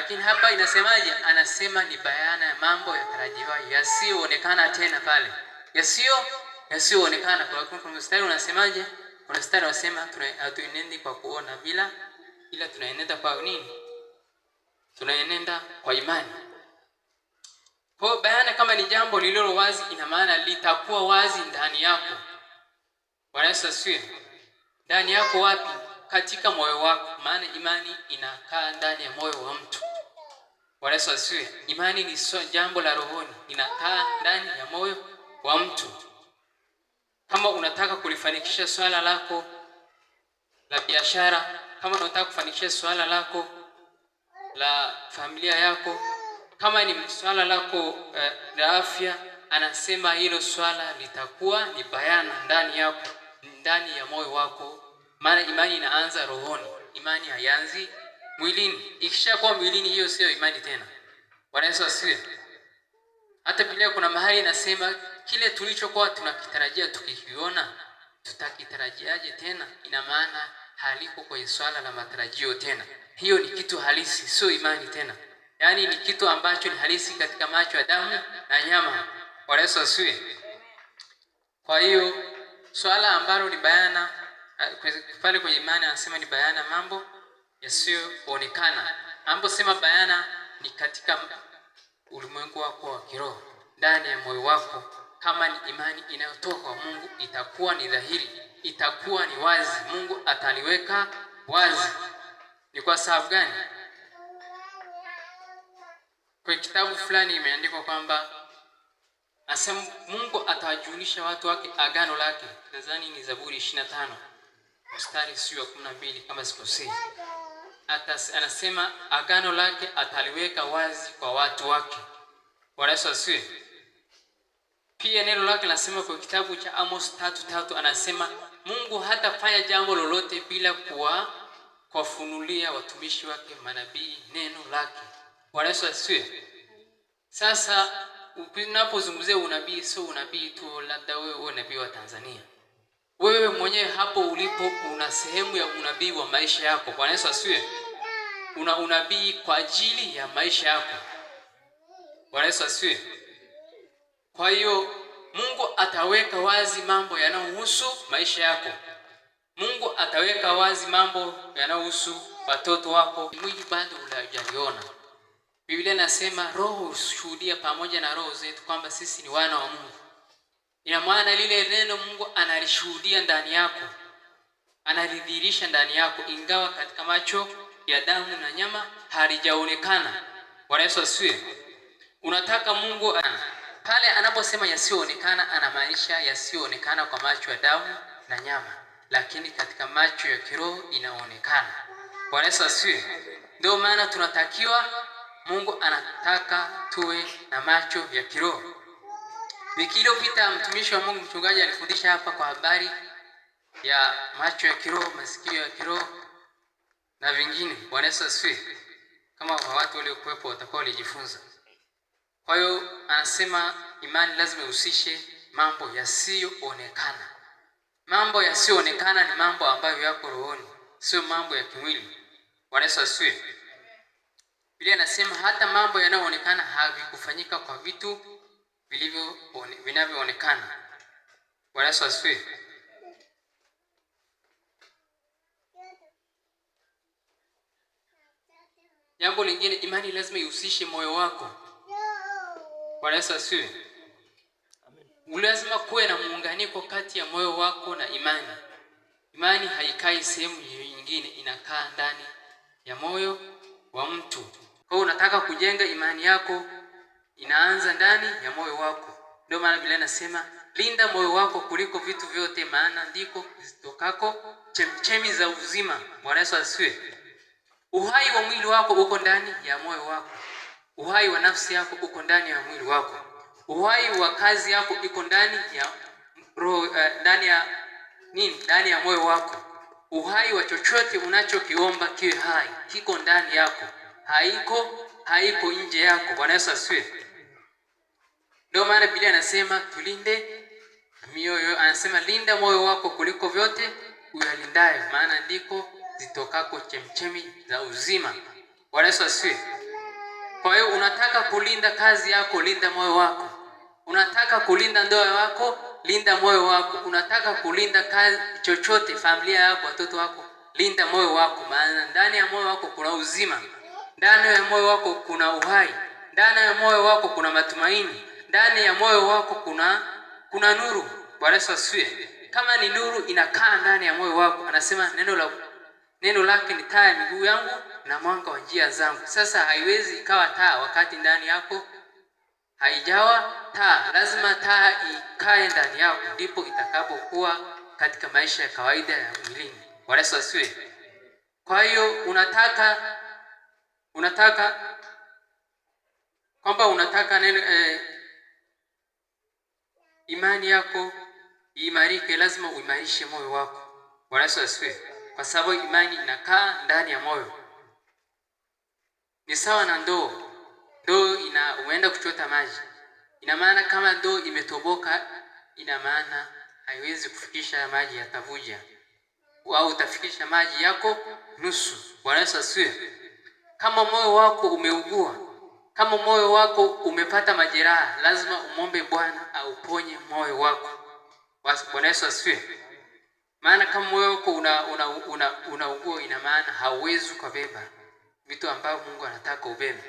Lakini hapa inasemaje? Anasema ni bayana ya mambo ya tarajiwa yasiyoonekana tena pale, yasiyo yasiyoonekana. Kwa Kuna mstari unasemaje? Kuna mstari unasema hatuenendi kwa kuona bila, ila tunaenenda kwa nini? Tunaenenda kwa imani. Kwa bayana kama ni jambo lililo wazi, ina maana litakuwa wazi ndani yako. Bwana Yesu asifiwe. Ndani yako wapi? Katika moyo wako, maana imani inakaa ndani ya moyo wa mtu. Bwana Yesu asifiwe. Imani ni so, jambo la rohoni, inakaa ndani ya moyo wa mtu. Kama unataka kulifanikisha swala lako la biashara, kama unataka kufanikisha swala lako la familia yako, kama ni swala lako eh, la afya, anasema hilo swala litakuwa ni bayana ndani yako, ndani ya moyo wako, maana imani inaanza rohoni. Imani haianzi mwilini. Ikishakuwa mwilini, hiyo sio imani tena. Bwana Yesu asiwe. Hata Biblia kuna mahali inasema kile tulichokuwa tunakitarajia tukikiona, tutakitarajiaje tena? Ina maana haliko kwenye swala la matarajio tena. Hiyo ni kitu halisi, sio imani tena, yaani ni kitu ambacho ni halisi katika macho ya damu na nyama. Bwana Yesu asiwe. Kwa hiyo swala ambalo ni bayana eh, pale kwenye imani anasema ni bayana mambo yasiyoonekana anaposema bayana ni katika ulimwengu wako wa kiroho ndani ya moyo wako. Kama ni imani inayotoka kwa Mungu, itakuwa ni dhahiri, itakuwa ni wazi. Mungu ataliweka wazi. Ni kwa sababu gani? Kwa kitabu fulani imeandikwa kwamba asem Mungu atawajulisha watu wake agano lake. Nadhani ni Zaburi 25 mstari sio na 12 kama sikosei atas, anasema agano lake ataliweka wazi kwa watu wake. Bwana Yesu asifiwe. Pia neno lake linasema kwa kitabu cha Amos tatu tatu anasema Mungu hatafanya jambo lolote bila kuwa kuwafunulia watumishi wake manabii neno lake. Bwana Yesu asifiwe. Sasa unapozungumzia unabii, sio unabii tu labda wewe unabii wa Tanzania wewe mwenyewe hapo ulipo una sehemu ya unabii wa maisha yako. Bwana Yesu asiwe, una unabii kwa ajili ya maisha yako. Bwana Yesu asiwe. Kwa hiyo Mungu ataweka wazi mambo yanayohusu maisha yako. Mungu ataweka wazi mambo yanayohusu watoto wako. Mwili bado unajaliona. Biblia inasema roho hushuhudia pamoja na roho zetu kwamba sisi ni wana wa Mungu. Ina maana lile neno Mungu analishuhudia ndani yako, analidhihirisha ndani yako, ingawa katika macho ya damu na nyama halijaonekana. Bwana Yesu asifiwe. Unataka Mungu pale anaposema yasiyoonekana, anamaanisha yasiyoonekana kwa macho ya damu na nyama, lakini katika macho ya kiroho inaonekana. Bwana Yesu asifiwe. Ndio maana tunatakiwa, Mungu anataka tuwe na macho ya kiroho. Wiki iliyopita mtumishi wa Mungu mchungaji alifundisha hapa kwa habari ya macho ya kiroho, masikio ya kiroho na vingine. Bwana Yesu asifiwe. Kama watu waliokuwepo watakuwa walijifunza. Kwa hiyo anasema imani lazima ihusishe mambo yasiyoonekana. Mambo yasiyoonekana ni mambo ambayo yako rohoni, sio mambo ya kimwili. Bwana Yesu asifiwe. Biblia inasema hata mambo yanayoonekana havikufanyika kwa vitu vinavyoonekana. Bwana Yesu asifiwe. Jambo lingine, imani lazima ihusishe moyo wako. Bwana Yesu asifiwe. Lazima kuwe na muunganiko kati ya moyo wako na imani. Imani haikai sehemu nyingine, inakaa ndani ya moyo wa mtu. Kwa hiyo unataka kujenga imani yako inaanza ndani ya moyo wako. Ndio maana Biblia inasema linda moyo wako kuliko vitu vyote, maana ndiko zitokako chemchemi za uzima. Bwana Yesu asifiwe. Uhai wa mwili wako uko ndani ya moyo wako. Uhai wa nafsi yako uko ndani ya mwili wako. Uhai wa kazi yako iko ndani ya roho, uh, ndani ya nini? Ndani ya moyo wako. Uhai wa chochote unachokiomba kiwe hai, kiko ndani yako, haiko haiko nje yako. Bwana Yesu asifiwe. Ndio maana Biblia anasema tulinde mioyo, anasema linda moyo wako kuliko vyote uyalindaye, maana ndiko zitokako chemchemi za uzima. Bwana Yesu asifiwe. Kwa hiyo unataka kulinda kazi yako, linda moyo wako. Unataka kulinda ndoa yako, linda moyo wako. Unataka kulinda kazi chochote, familia yako, watoto wako, linda moyo wako, maana ndani ya moyo wako kuna uzima, ndani ya moyo wako kuna uhai, ndani ya moyo wako kuna matumaini ndani ya moyo wako kuna kuna nuru. Bwana Yesu asifiwe. Kama ni nuru inakaa ndani ya moyo wako, anasema neno la neno lake ni taa ya miguu yangu na mwanga wa njia zangu. Sasa haiwezi ikawa taa wakati ndani yako haijawa taa. Lazima taa ikae ndani yako, ndipo itakapokuwa katika maisha ya kawaida ya mwilini. Bwana Yesu asifiwe. Kwa hiyo unataka unataka kwamba unataka neno eh, imani yako iimarike, lazima uimarishe moyo wako. Bwana Yesu asifiwe. Kwa sababu imani inakaa ndani ya moyo, ni sawa na ndoo. Ndoo ina umeenda kuchota maji, ina maana kama ndoo imetoboka, ina maana haiwezi kufikisha maji, yatavuja au utafikisha maji yako nusu. Bwana Yesu asifiwe. Kama moyo wako umeugua kama moyo wako umepata majeraha, lazima umombe Bwana auponye moyo wako. Bwana Yesu asifiwe. Maana kama moyo wako unaugua, una, una, una ina maana hauwezi ukabeba vitu ambavyo Mungu anataka ubebe.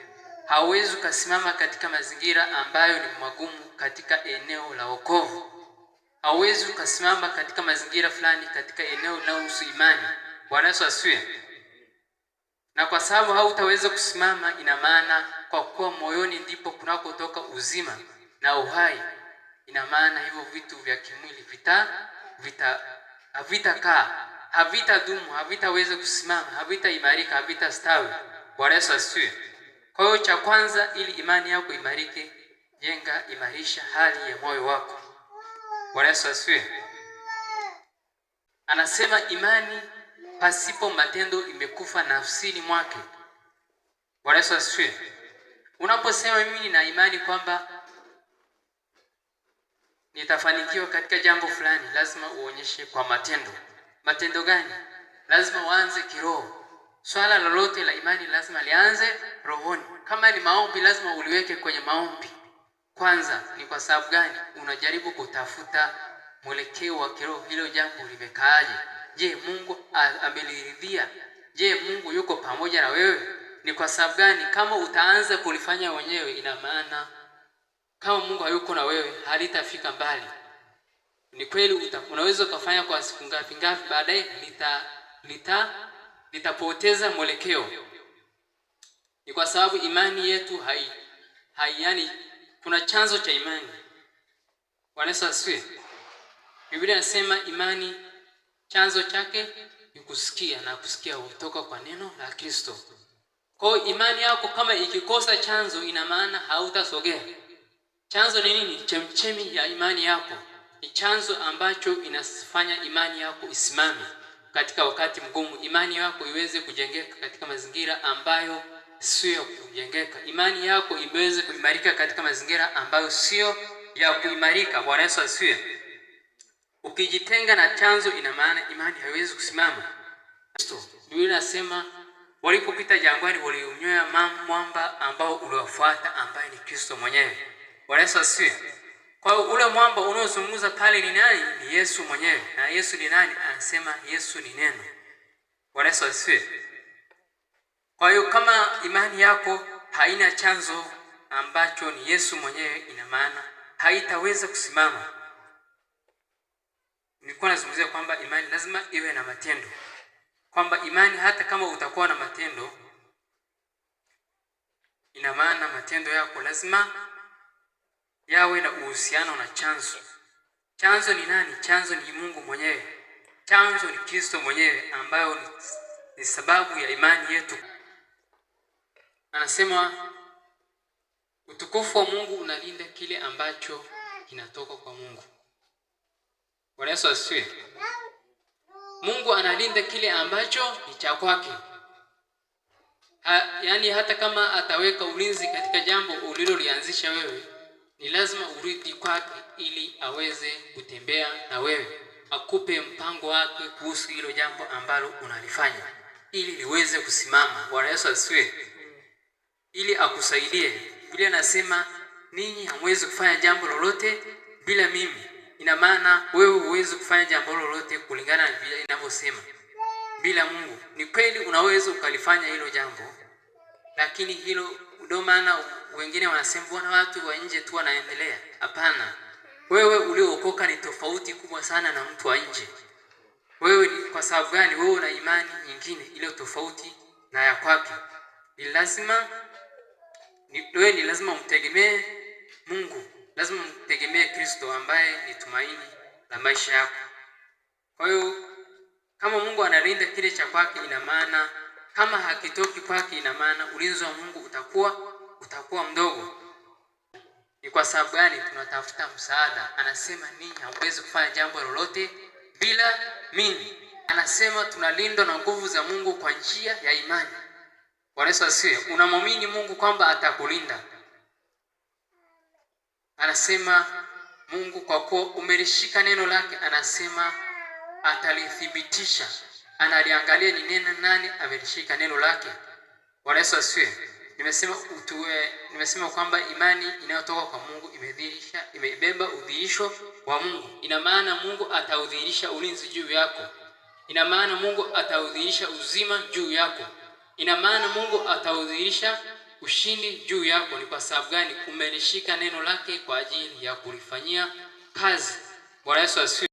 Hauwezi ukasimama katika mazingira ambayo ni magumu katika eneo la wokovu. Hauwezi ukasimama katika mazingira fulani katika eneo linalohusu imani. Bwana Yesu asifiwe na kwa sababu hautaweza kusimama, ina maana kwa kuwa moyoni ndipo kunakotoka uzima na uhai, ina maana hivyo vitu vya kimwili vita vita havitakaa, havitadumu, havitaweza kusimama, havitaimarika, havitastawi. Bwana Yesu asifiwe. Kwa hiyo cha kwanza, ili imani yako imarike, jenga, imarisha hali ya moyo wako. Bwana Yesu asifiwe. Anasema imani pasipo matendo imekufa nafsini mwake. Bwana Yesu asifiwe. Unaposema mimi nina imani kwamba nitafanikiwa katika jambo fulani, lazima uonyeshe kwa matendo. Matendo gani? Lazima uanze kiroho. Swala lolote la imani lazima lianze rohoni. Kama ni maombi, lazima uliweke kwenye maombi kwanza. Ni kwa sababu gani? Unajaribu kutafuta mwelekeo wa kiroho, hilo jambo limekaaje? Je, Mungu ameliridhia? Je, Mungu yuko pamoja na wewe? Ni kwa sababu gani? Kama utaanza kulifanya wenyewe, ina maana kama Mungu hayuko na wewe, halitafika mbali. Ni kweli, unaweza ukafanya kwa siku ngapi ngapi, baadaye lita lita litapoteza mwelekeo. Ni kwa sababu imani yetu hai, hai yani, kuna chanzo cha imani. Bwana Yesu asifiwe. Biblia inasema imani Chanzo chake ni kusikia na kusikia kutoka kwa neno la Kristo. Kwa imani yako kama ikikosa chanzo, ina maana hautasogea. Chanzo ni nini? Chemchemi ya imani yako ni chanzo ambacho inafanya imani yako isimame katika wakati mgumu, imani yako iweze kujengeka katika mazingira ambayo sio ya kujengeka, imani yako iweze kuimarika katika mazingira ambayo sio ya kuimarika. Bwana Yesu asifiwe. Ukijitenga na chanzo, ina maana imani haiwezi kusimama. Kristo, ndio inasema walipopita jangwani waliunywea mwamba ambao uliwafuata, ambaye ni Kristo mwenyewe. Bwana Yesu asifiwe. Kwa hiyo ule mwamba unaozungumza pale ni nani? Ni Yesu mwenyewe. Na Yesu ni nani? Anasema Yesu ni neno. Bwana Yesu asifiwe. Kwa hiyo kama imani yako haina chanzo ambacho ni Yesu mwenyewe, ina maana haitaweza kusimama nilikuwa nazungumzia kwamba imani lazima iwe na matendo, kwamba imani hata kama utakuwa na matendo, ina maana matendo yako lazima yawe na uhusiano na chanzo. Chanzo ni nani? Chanzo ni Mungu mwenyewe, chanzo ni Kristo mwenyewe, ambayo ni, ni sababu ya imani yetu. Anasema utukufu wa Mungu unalinda kile ambacho kinatoka kwa Mungu. Bwana Yesu asifiwe. Mungu analinda kile ambacho ni cha kwake. Ha, yaani hata kama ataweka ulinzi katika jambo ulilolianzisha wewe, ni lazima urudi kwake ili aweze kutembea na wewe, akupe mpango wake kuhusu hilo jambo ambalo unalifanya ili liweze kusimama. Bwana Yesu asifiwe. Ili akusaidie. Biblia nasema ninyi hamwezi kufanya jambo lolote bila mimi ina maana wewe huwezi kufanya jambo lolote kulingana na Biblia inavyosema bila Mungu. Ni kweli unaweza ukalifanya hilo jambo, lakini hilo ndio maana wengine wanasema bwana, watu wa nje tu wanaendelea. Hapana, wewe uliookoka ni tofauti kubwa sana na mtu wa nje. Wewe ni kwa sababu gani? Wewe una imani nyingine ile tofauti na ya kwake, ni lazima ni, wewe ni lazima umtegemee Kristo ambaye ni tumaini la maisha yako. Kwa hiyo kama Mungu analinda kile cha kwake, ina maana kama hakitoki kwake, ina maana ulinzi wa Mungu utakuwa utakuwa mdogo. Ni kwa sababu gani tunatafuta msaada? Anasema ninyi hamwezi kufanya jambo lolote bila mimi. Anasema tunalindwa na nguvu za Mungu kwa njia ya imani. Bwana Yesu asifiwe. Unamwamini Mungu kwamba atakulinda. Anasema Mungu kwa kuwa umelishika neno lake, anasema atalithibitisha. Analiangalia ni neno nani amelishika neno lake. Bwana Yesu asifiwe. Nimesema utuwe, nimesema kwamba imani inayotoka kwa Mungu imedhihirisha, imebeba udhihirisho wa Mungu. Ina maana Mungu ataudhihirisha ulinzi juu yako. Ina maana Mungu ataudhihirisha uzima juu yako. Ina maana Mungu ataudhihirisha ushindi juu yako. Ni kwa sababu gani? Umelishika neno lake kwa ajili ya kulifanyia kazi. Bwana Yesu asifiwe.